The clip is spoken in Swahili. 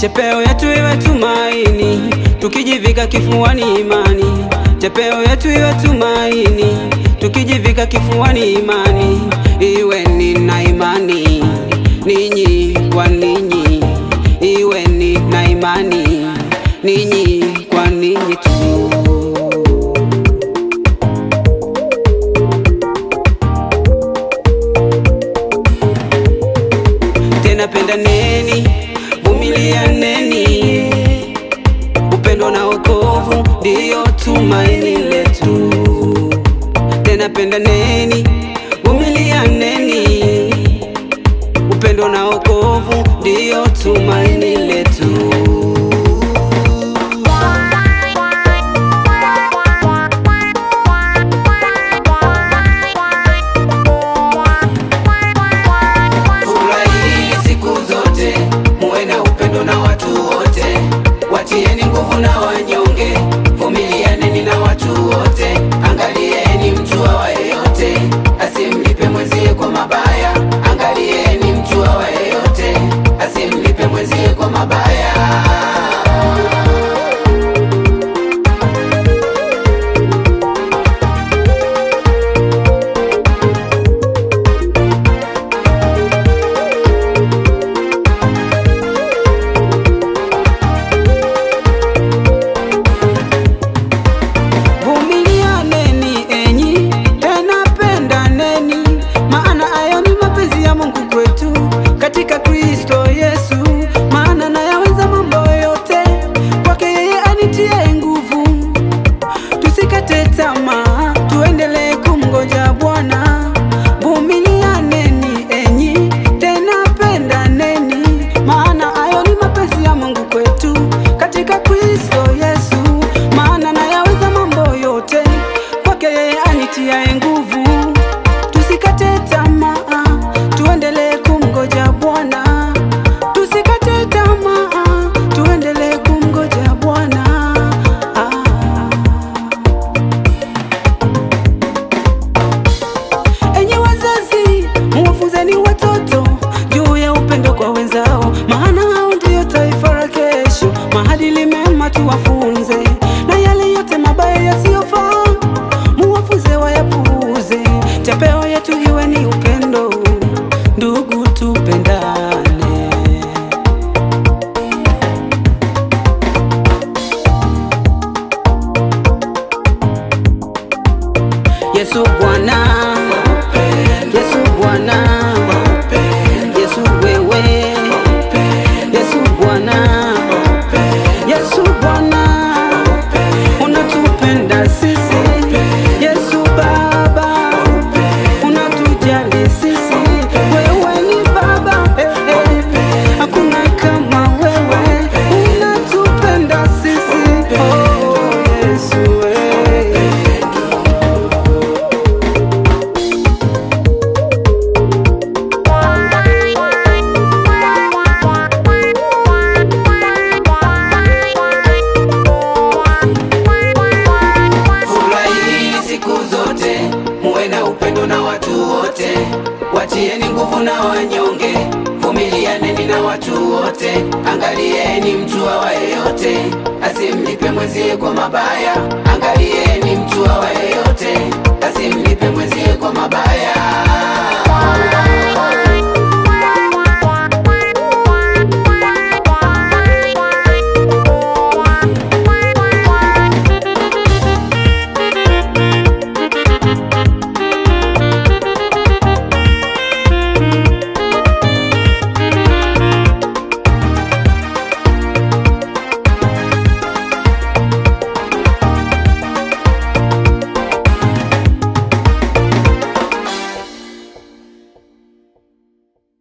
Chepeo yetu iwe tumaini, tukijivika kifuani imani. Chepeo yetu iwe tumaini, tukijivika kifuani imani. Iwe ni na imani ninyi kwa ninyi, iwe ni na imani ninyi upendo na wokovu ndiyo tumaini letu. Tena pendaneni, vumilianeni. Upendo na wokovu ndiyo tumaini letu. yetu iwe ni upendo, ndugu tupendane. Yesu Bwana Watieni nguvu na wanyonge, vumilianeni na watu wote. Angalieni mtu awaye yote, asimlipe mwenzie kwa mabaya. Angalieni mtu awaye yote